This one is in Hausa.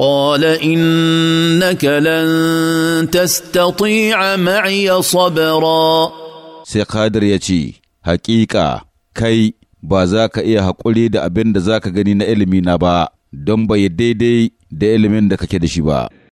قال انك لن تستطيع معي صبرا sai Kadir ya ce, Hakika, kai ba za ka iya haƙuri da abin da za ka gani na ilimina ba, don bai daidai da ilimin da kake da shi ba.